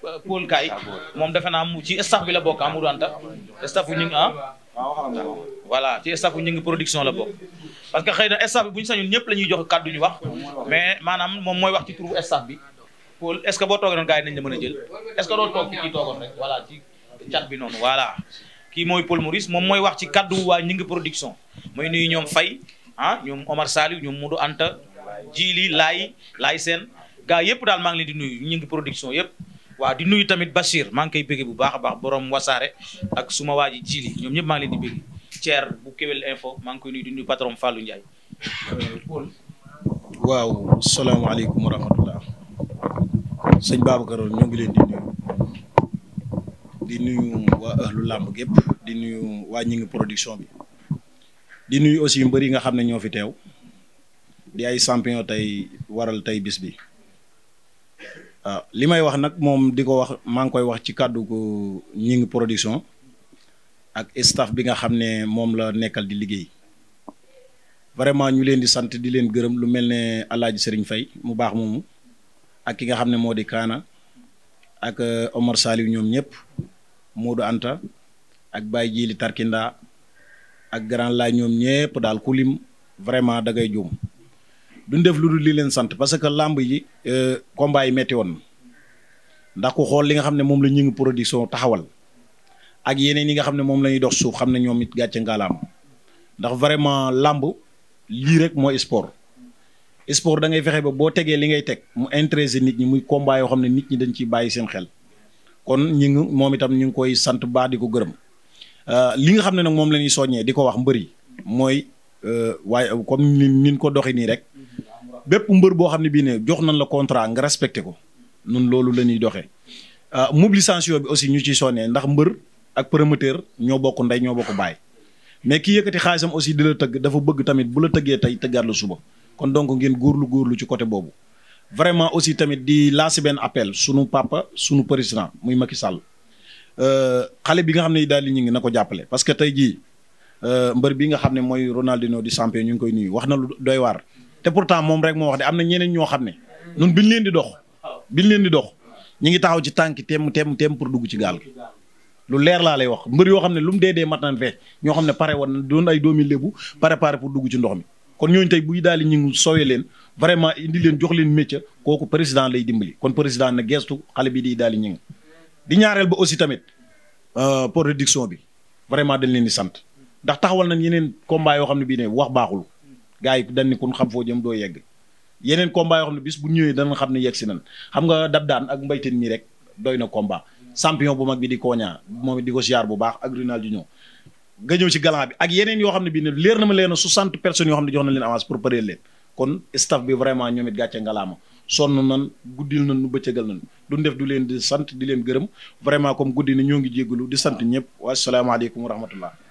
Paul Kaye moom defe naa mu ci staff bi la bokk Amadou Anta staff ñu ngi ah. wala ci staff ñu ngi production la bokk. parce que xëy na staff bi bu ñu sañoon ñëpp jox kàddu ñu wax mais maanaam moom mooy wax ci turu staff bi Paul est ce que boo toogee noonu gars yi mën a jël est ce que doo toog kii toogoon voilà bi noonu voilà. kii mooy Paul Maurice moom mooy wax ci kàddu waa ñu ngi production mooy nuyu ñoom fay a ah, ñoom Omar Saliou ñoom Modou Anta Jili Laay Laay Seen gars yëpp daal maa ngi leen di nuyu ñu ngi production yëpp. waaw di nuyu tamit Bachir maa ngi koy bëgg bu baax a baax borom wasaare ak suma waa ji ñoom ñëpp maa ngi leen di bëgg Thier bu Kewel Info maa ngi koy nuyu di nuyu patron Fallou Ndiaye. waaw salaamaaleykum wa ñoo ngi leen di di nuyu waa làmb gépp di nuyu waa ñi ngi production bi di nuyu aussi mbër yi nga xam ne ñoo fi teew di champion tey waral tey bis bi waaw euh, li may wax nag moom di ko wax maa ngi koy wax ci kàddu gu ñi ngi production ak staff bi nga xam ne moom la nekkal di liggéey vraiment ñu leen di sant di leen gërëm lu mel ne Alaaji Sëriñ Fay mu baax moomu ak ki nga xam ne moo di Kaana ak euh, Omar Saliou ñoom ñëpp Modou Anta ak Baye Jili Tarkinda ak Grand Laay ñoom ñëpp daal ku lim vraiment da ngay juum duñ def lu dul li leen sant parce que làmb yi euh, combat yi metti woon ndax ku xool li nga xam ne moom la ñu ngi production taxawal ak yeneen yi nga xam ne moom la dox suuf xam ne ñoom it gàcce ngaalaam ndax vraiment làmb lii rek mooy sport sport dangay fexe ba boo tegee li ngay teg mu intéressé nit ñi muy combat yoo xam ne nit ñi dañ ciy bàyyi seen xel kon ñu ngi moom itam ñu ngi koy sant baax di ko gërëm euh, li nga xam ne nag moom lañuy ñuy soññee di ko wax mbëri mooy euh, waaye comme ni ñu ko doxi nii rek bépp mbër boo xam ne bii ne jox nañ la contrat nga respecté ko nun loolu la ñuy doxee ah, mobilisation bi aussi ñu ciy sonnee ndax mbër ak promoteur ñoo bokk ndey ñoo bokk baay mais ki yëkkati xaalisam aussi di la tëgg dafa bëgg tamit bu la tëggee tey tëggaat la suba kon donc ngeen góor lu ci côté boobu vraiment aussi tamit di lancer benn appel sunu papa sunu président muy Macky Sall euh, xale bi nga xam ne yi daal di ñu ngi na ko jàppale parce que tey jii euh, mbër bi nga xam ne mooy Ronaldinho di champion ñu ngi koy nuyu wax na lu doy waar te pourtant moom rek moo wax de am na ñeneen ñoo xam ne ñun biñ leen di dox biñ leen di dox ñu ngi taxaw ci tànki temm temm temm pour dugg ci gaal gi lu leer laa lay wax mbër yoo xam ne lu mu dee dee mat nañ fee ñoo xam ne pare woon na doon ay doomi lébu pare pare pour dugg ci ndox mi kon ñooñu tey buy daal di ñu ngi sooyee leen vraiment indi leen jox leen métier kooku président lay dimbali kon président na gestu xale bi di daal di ñu di ñaareel ba aussi tamit euh, production bi vraiment dañ leen di sant ndax taxawal nañ yeneen combat yoo xam ne bii ne wax baaxul gars yi dañ ni kun xam foo jëm doo yegg yeneen combat yoo xam ne bis bu ñëwee danañ xam ne yegg si nan xam nga dab daan ak mbayteen mi rek doy na combat champion bu mag bi di koña moom di ko siyaar bu baax ak Ronaldinho nga ñëw ci galan bi ak yeneen yoo xam ne bii ne leer na ma leen soixante personnes yoo xam ne jox na leen avance pour paree leen kon staff bi vraiment ñoom it gàcce ngalaama sonn nan guddil nan nu bëccëgal nan du def du leen di sant di leen gërëm vraiment comme guddi na ñoo ngi jéggalu di sant ñëpp wasalaamaaleykum wa rahmatullah